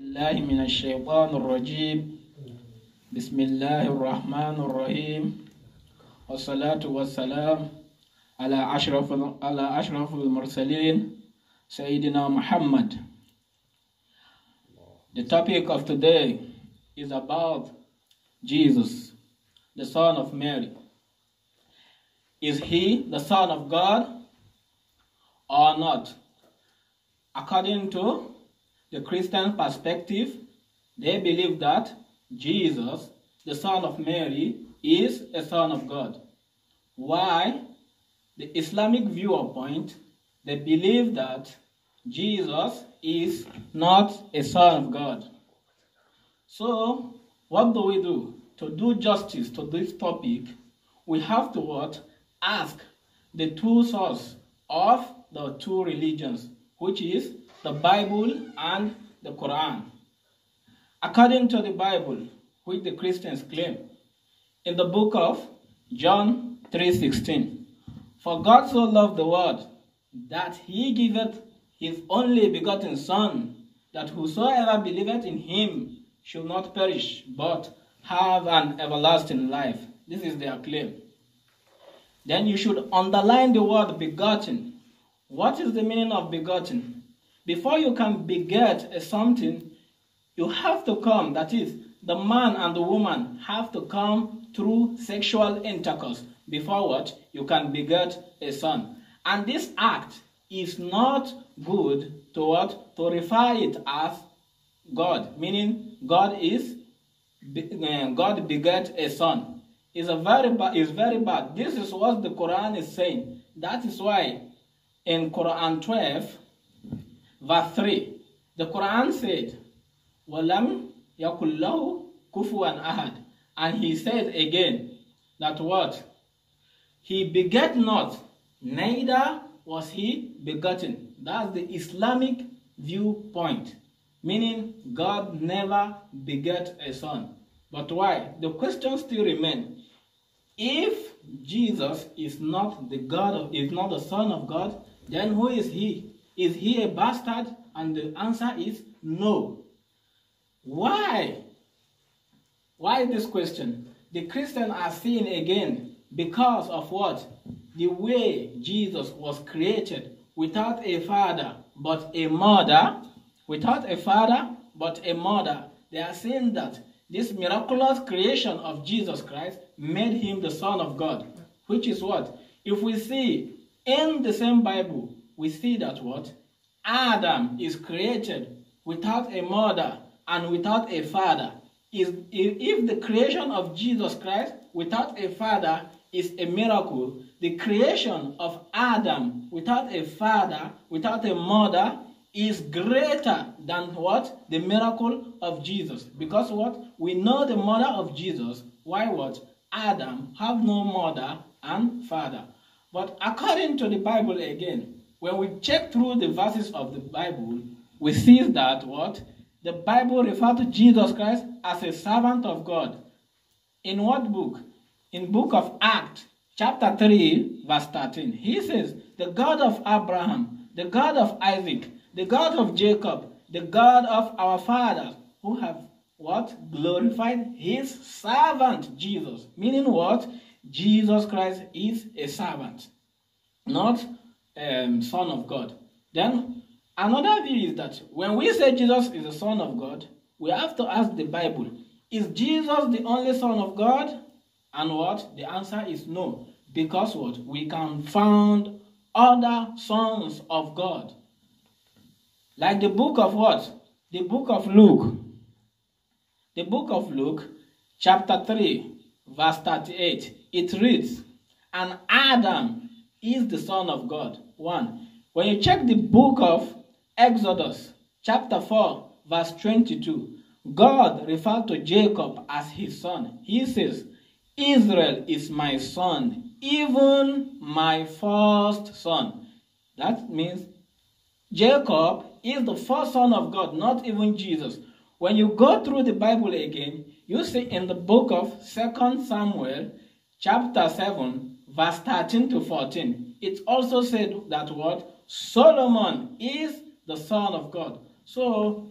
الله من الشيطان الرجيم بسم الله الرحمن الرحيم والصلاة والسلام على أشرف على أشرف المرسلين سيدنا محمد The topic of today is about Jesus, the son of Mary. Is he the son of God or not? According to the Christian perspective, they believe that Jesus, the son of Mary, is a son of God. Why? The Islamic viewpoint, they believe that Jesus is not a son of God. So, what do we do? To do justice to this topic, we have to what? Ask the two source of the two religions, which is the Bible and the Quran. According to the Bible, which the Christians claim, in the book of John 3:16, for God so loved the world that he giveth his only begotten Son, that whosoever believeth in him shall not perish, but have an everlasting life. This is their claim. Then you should underline the word begotten. What is the meaning of begotten? Before you can beget a something, you have to come, that is, the man and the woman have to come through sexual intercourse before what? You can beget a son. And this act is not good to what? To refer it as God, meaning God is eh, God begat a son. Is a very bad. Is very bad. This is what the Quran is saying. That is why in Quran 12 Verse 3 The Quran said, Walam yakullahu kufuan ahad. And he said again that what? He begat not, neither was he begotten. That's the Islamic viewpoint, meaning God never begat a son. But why? The question still remains. If Jesus is not the God of, is not the Son of God, then who is he? Is he a bastard? And the answer is no. Why? Why this question? The Christians are seen again because of what? The way Jesus was created without a father but a mother, without a father but a mother. They are saying that this miraculous creation of Jesus Christ made him the Son of God, which is what? If we see in the same Bible, we see that what? Adam is created without a mother and without a father. Is, if the creation of Jesus Christ without a father is a miracle, the creation of Adam without a father, without a mother, is greater than what? The miracle of Jesus. Because what? We know the mother of Jesus. Why what? Adam have no mother and father. But according to the Bible again, when we check through the verses of the Bible, we see that what? The Bible refers to Jesus Christ as a servant of God. In what book? In book of Acts, chapter 3, verse 13. He says, The God of Abraham, the God of Isaac, the God of Jacob, the God of our fathers, who have what? Glorified his servant Jesus. Meaning what? Jesus Christ is a servant. Not um, Son of God. Then another view is that when we say Jesus is the Son of God, we have to ask the Bible, is Jesus the only Son of God? And what? The answer is no. Because what? We can find other sons of God. Like the book of what? The book of Luke. The book of Luke, chapter 3, verse 38. It reads, And Adam is the Son of God. One. When you check the book of Exodus, chapter 4, verse 22, God referred to Jacob as his son. He says, Israel is my son, even my first son. That means Jacob is the first son of God, not even Jesus. When you go through the Bible again, you see in the book of Second Samuel, chapter 7, verse 13 to 14, it also said that what? Solomon is the Son of God. So,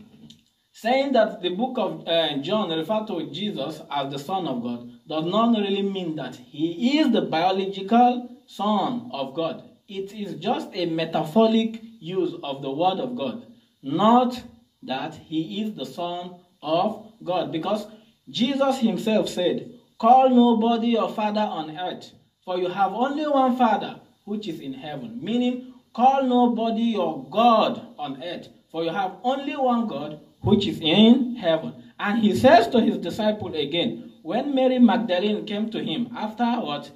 saying that the book of uh, John referred to Jesus as the Son of God does not really mean that he is the biological Son of God. It is just a metaphoric use of the Word of God, not that he is the Son of God. Because Jesus himself said, Call nobody your Father on earth, for you have only one Father, which is in heaven. Meaning, call nobody your God on earth. For you have only one God, which is in heaven. And he says to his disciple again, when Mary Magdalene came to him after what?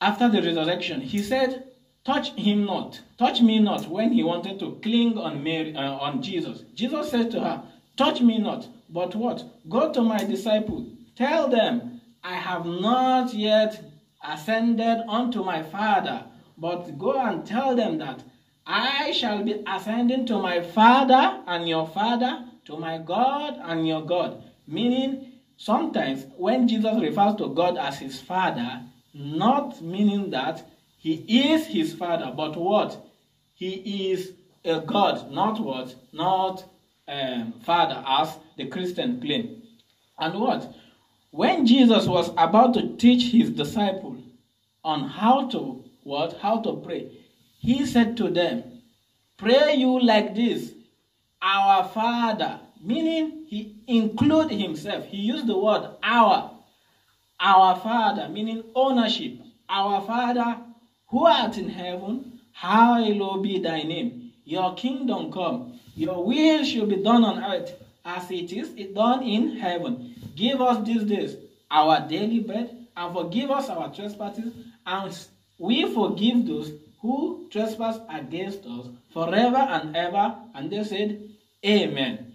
After the resurrection, he said, touch him not, touch me not, when he wanted to cling on, Mary, uh, on Jesus. Jesus said to her, touch me not, but what? Go to my disciple, tell them, I have not yet ascended unto my Father. But go and tell them that I shall be ascending to my Father and your Father, to my God and your God. Meaning, sometimes when Jesus refers to God as his Father, not meaning that he is his Father, but what? He is a God, not what? Not um, Father, as the Christian claim. And what? When Jesus was about to teach his disciples on how to what? How to pray, he said to them, Pray you like this, our Father. Meaning he included himself. He used the word our. Our Father, meaning ownership. Our Father who art in heaven, hallowed be thy name. Your kingdom come. Your will shall be done on earth as it is done in heaven. Give us this day our daily bread, and forgive us our trespasses, and we forgive those who trespass against us forever and ever. And they said, Amen.